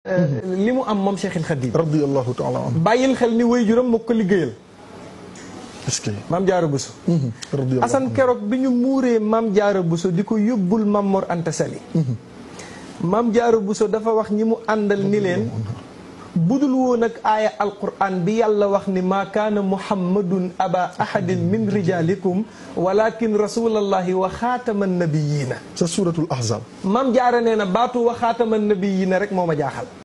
Euh, li mu am moom Cheikhul Khadim radiyallahu taala anhu bàyyil xel ni way juram moo ko liggéeyal maam Jaara Buso mhm. Asan keroog bi ñu muuree maam jaaro Buso di ko yóbbul Maam Mor Anta Sali mhm. maam Jaara Buso dafa wax ñi mu àndal ni leen budul woon ak aaya alquran bi yàlla wax ni maa kaana muhammadun aba ahadin min rijalikum walakin rasulallahi wa xaatama nabiyina sa suratul ahzab maam jaara nee na baatu wa xaatama nabiyina rek moo ma jaaxal